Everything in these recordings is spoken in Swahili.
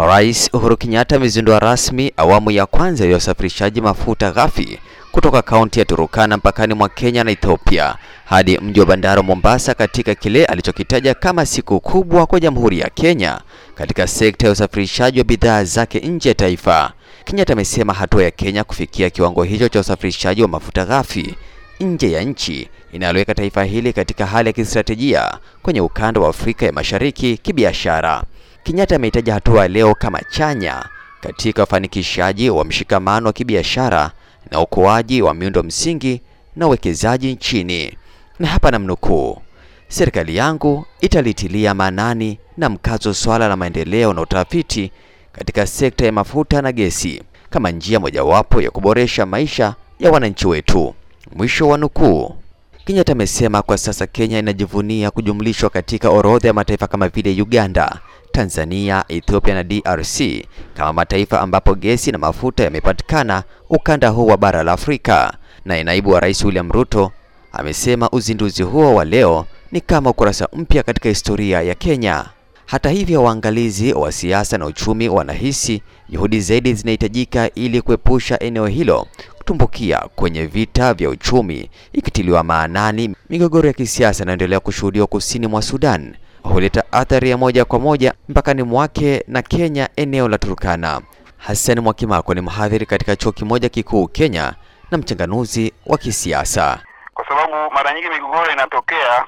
Rais Uhuru Kenyatta amezindua rasmi awamu ya kwanza ya usafirishaji mafuta ghafi kutoka kaunti ya Turukana mpakani mwa Kenya na Ethiopia hadi mji wa bandari Mombasa katika kile alichokitaja kama siku kubwa kwa Jamhuri ya Kenya katika sekta ya usafirishaji wa bidhaa zake nje ya taifa. Kenyatta amesema hatua ya Kenya kufikia kiwango hicho cha usafirishaji wa mafuta ghafi nje ya nchi inaloweka taifa hili katika hali ya kistratejia kwenye ukanda wa Afrika ya Mashariki kibiashara. Kenyatta ameitaja hatua leo kama chanya katika ufanikishaji wa mshikamano wa kibiashara na ukoaji wa miundo msingi na uwekezaji nchini, na hapa namnukuu: serikali yangu italitilia maanani na mkazo swala la maendeleo na utafiti katika sekta ya mafuta na gesi kama njia mojawapo ya kuboresha maisha ya wananchi wetu, mwisho wa nukuu. Kenyatta amesema kwa sasa Kenya inajivunia kujumlishwa katika orodha ya mataifa kama vile Uganda, Tanzania, Ethiopia na DRC kama mataifa ambapo gesi na mafuta yamepatikana ukanda huu wa bara la Afrika. Naye naibu wa rais William Ruto amesema uzinduzi huo wa leo ni kama ukurasa mpya katika historia ya Kenya. Hata hivyo, waangalizi wa siasa na uchumi wanahisi juhudi zaidi zinahitajika ili kuepusha eneo hilo kutumbukia kwenye vita vya uchumi, ikitiliwa maanani migogoro ya kisiasa inaendelea kushuhudiwa kusini mwa Sudan huleta athari ya moja kwa moja mpakani mwake na Kenya eneo la Turkana. Hassan Mwakimako ni mhadhiri katika chuo kimoja kikuu Kenya na mchanganuzi wa kisiasa. Kwa sababu mara nyingi migogoro inatokea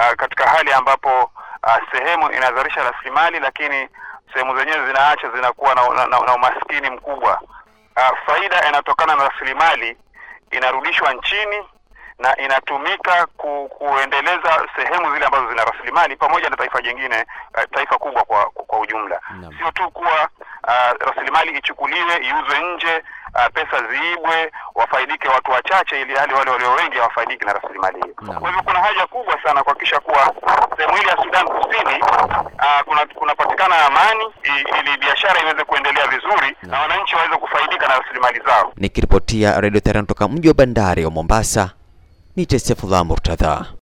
uh, katika hali ambapo uh, sehemu inazalisha rasilimali lakini sehemu zenyewe zinaacha zinakuwa na, na, na, na umaskini mkubwa. Uh, faida inatokana na rasilimali inarudishwa nchini na inatumika ku, kuendeleza sehemu zile ambazo zina rasilimali pamoja na taifa jingine, eh, taifa kubwa kwa, kwa ujumla no. Sio tu kuwa uh, rasilimali ichukuliwe iuzwe nje, uh, pesa ziibwe, wafaidike watu wachache, ili hali wale walio wengi hawafaidiki na rasilimali hiyo no. Kwa hivyo kuna haja kubwa sana kuhakikisha kuwa sehemu ile ya Sudan Kusini uh, kuna kunapatikana amani ili biashara iweze kuendelea vizuri no. na wananchi waweze kufaidika na rasilimali zao. Nikiripotia Radio Tehran kutoka mji wa bandari wa Mombasa ni Joseph la